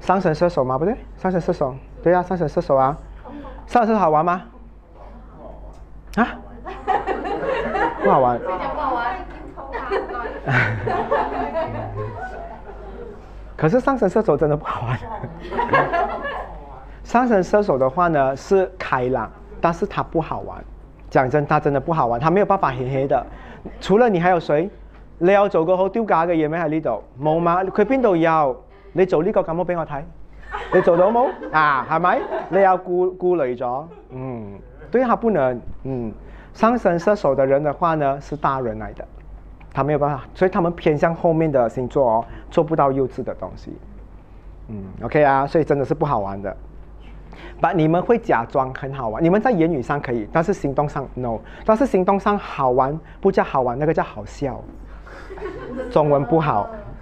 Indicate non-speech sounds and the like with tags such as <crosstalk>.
上升射手嗎？不對，上升射手，對呀、啊，上升射手啊，上升射手好玩嗎？啊？不好玩。不好玩。 <laughs> <laughs> 可是上升射手真的不好玩。 <laughs> 上升射手的話呢，是開朗，但是他不好玩。講真，他真的不好玩，他沒有辦法黑黑的。除了你還有誰？你有做過好丟架嘅嘢咩？喺呢度，冇嘛？佢邊度有？你走呢個咁好俾我睇，你走。到冇？啊，係、啊、咪？你又顧顧慮咗？嗯，對他不能。嗯，上升射手的人的話呢，是大人來的，他沒有辦法，所以他們偏向後面的星座哦，做不到幼稚的東西。嗯，OK 啊，所以真的是不好玩的。But，你們會假裝很好玩，你們在言語上可以，但是行動上 no，但是行動上好玩不叫好玩，那個叫好笑。中文不好。